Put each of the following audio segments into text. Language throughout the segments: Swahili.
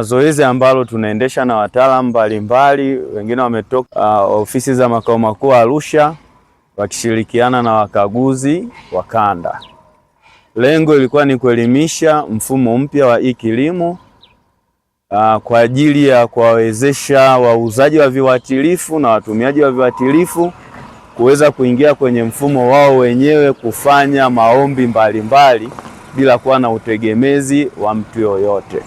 Zoezi ambalo tunaendesha na wataalamu mbalimbali, wengine wametoka uh, ofisi za makao makuu Arusha wakishirikiana na wakaguzi wa kanda. Lengo ilikuwa ni kuelimisha mfumo mpya wa e-kilimo uh, kwa ajili ya kuwawezesha wauzaji wa viuatilifu na watumiaji wa viuatilifu kuweza kuingia kwenye mfumo wao wenyewe kufanya maombi mbalimbali mbali, bila kuwa na utegemezi wa mtu yoyote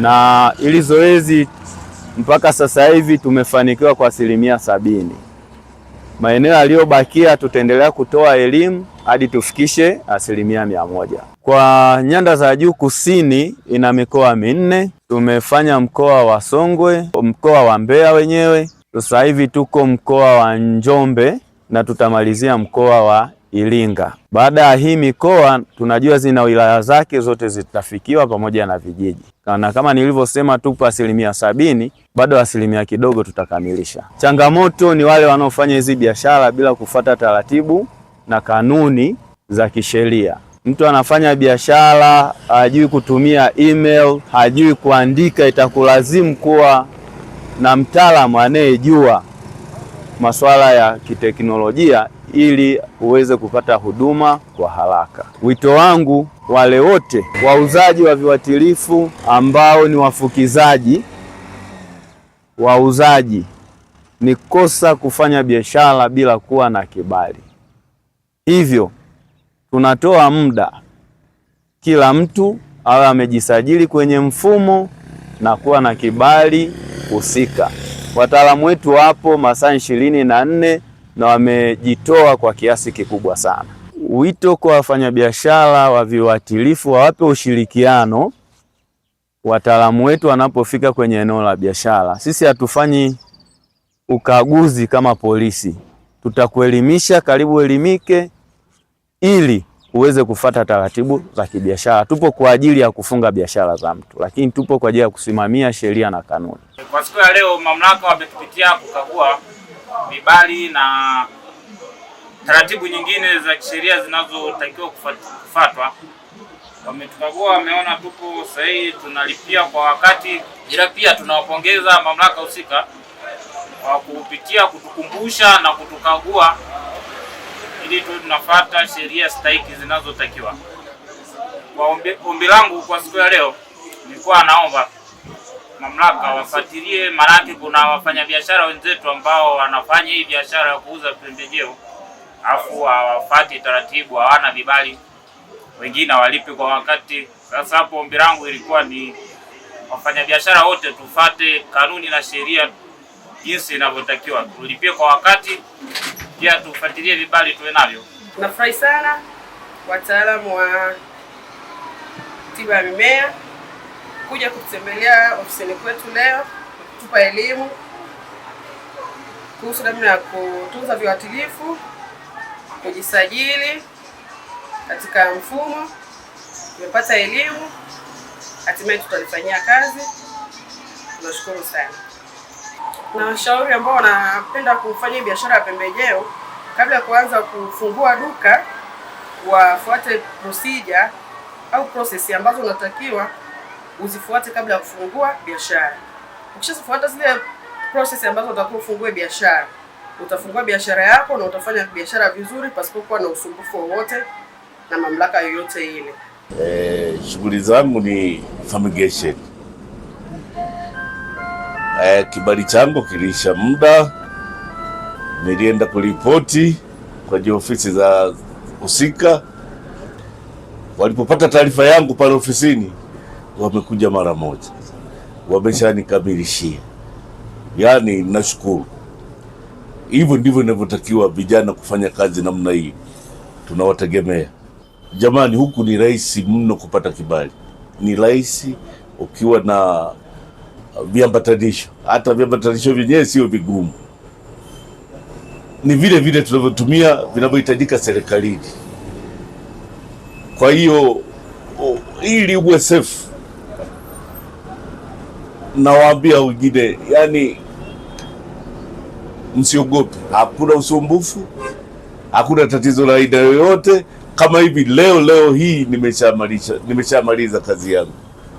na ili zoezi mpaka sasa hivi tumefanikiwa kwa asilimia sabini. Maeneo yaliyobakia tutaendelea kutoa elimu hadi tufikishe asilimia mia moja. Kwa nyanda za juu kusini ina mikoa minne, tumefanya mkoa wa Songwe, mkoa wa Mbeya wenyewe, sasa hivi tuko mkoa wa Njombe na tutamalizia mkoa wa Iringa. Baada ya hii mikoa tunajua zina wilaya zake zote zitafikiwa pamoja na vijiji, na kama nilivyosema tupo asilimia sabini, bado asilimia kidogo tutakamilisha. Changamoto ni wale wanaofanya hizi biashara bila kufata taratibu na kanuni za kisheria. Mtu anafanya biashara, hajui kutumia email, hajui kuandika, itakulazimu kuwa na mtaalamu anayejua masuala ya kiteknolojia ili uweze kupata huduma kwa haraka. Wito wangu wale wote wauzaji wa viwatilifu ambao ni wafukizaji, wauzaji, ni kosa kufanya biashara bila kuwa na kibali. Hivyo tunatoa muda kila mtu awe amejisajili kwenye mfumo na kuwa na kibali husika. Wataalamu wetu wapo masaa ishirini na nne na wamejitoa kwa kiasi kikubwa sana. Wito kwa wafanyabiashara wa viuatilifu wawape ushirikiano wataalamu wetu wanapofika kwenye eneo la biashara. Sisi hatufanyi ukaguzi kama polisi, tutakuelimisha karibu elimike, ili uweze kufata taratibu za kibiashara. Tupo kwa ajili ya kufunga biashara za mtu, lakini tupo kwa ajili ya kusimamia sheria na kanuni. Kwa siku ya leo, mamlaka wametupitia kukagua vibali na taratibu nyingine za kisheria zinazotakiwa kufuatwa. Wametukagua, wameona tupo sahihi, tunalipia kwa wakati, ila pia tunawapongeza mamlaka husika kwa kupitia kutukumbusha na kutukagua ili tu tunafuata sheria stahiki zinazotakiwa. Kwa ombi langu kwa siku ya leo, nilikuwa naomba mamlaka wafuatilie, maanake kuna wafanyabiashara wenzetu ambao wanafanya hii biashara ya kuuza pembejeo afu hawafati taratibu, hawana vibali, wengine hawalipi kwa wakati. Sasa hapo ombi langu ilikuwa ni wafanyabiashara wote tufate kanuni na sheria jinsi inavyotakiwa, tulipie kwa wakati pia tufuatilie vibali tuwe navyo. Nafurahi sana wataalamu wa tiba ya mimea kuja kutembelea ofisini kwetu leo kutupa elimu kuhusu namna ya kutunza viuatilifu, kujisajili katika mfumo. Tumepata elimu, hatimaye tutalifanyia kazi. Tunashukuru sana. Na washauri ambao wanapenda kufanya biashara ya pembejeo, kabla ya kuanza kufungua duka, wafuate procedure au process ambazo unatakiwa uzifuate kabla ya kufungua biashara. Ukishafuata zile process ambazo utakuwa ufungue biashara, utafungua biashara yako na utafanya biashara vizuri pasipokuwa na usumbufu wowote na mamlaka yoyote ile. Eh, shughuli zangu ni fumigation eh, kibali changu kiliisha muda, nilienda kuripoti kwenye ofisi za husika. Walipopata taarifa yangu pale ofisini, wamekuja mara moja, wameshanikamilishia. Yaani nashukuru. Hivyo ndivyo inavyotakiwa vijana kufanya kazi namna hii, tunawategemea jamani. Huku ni rahisi mno kupata kibali, ni rahisi ukiwa na viambatanisho. Hata viambatanisho vyenyewe sio vigumu, ni vile vile tunavyotumia vinavyohitajika serikalini. Kwa hiyo ili USF nawaambia wengine, yani msiogope, hakuna usumbufu, hakuna tatizo la aina yoyote. Kama hivi leo leo hii nimeshamaliza, nimeshamaliza kazi yangu.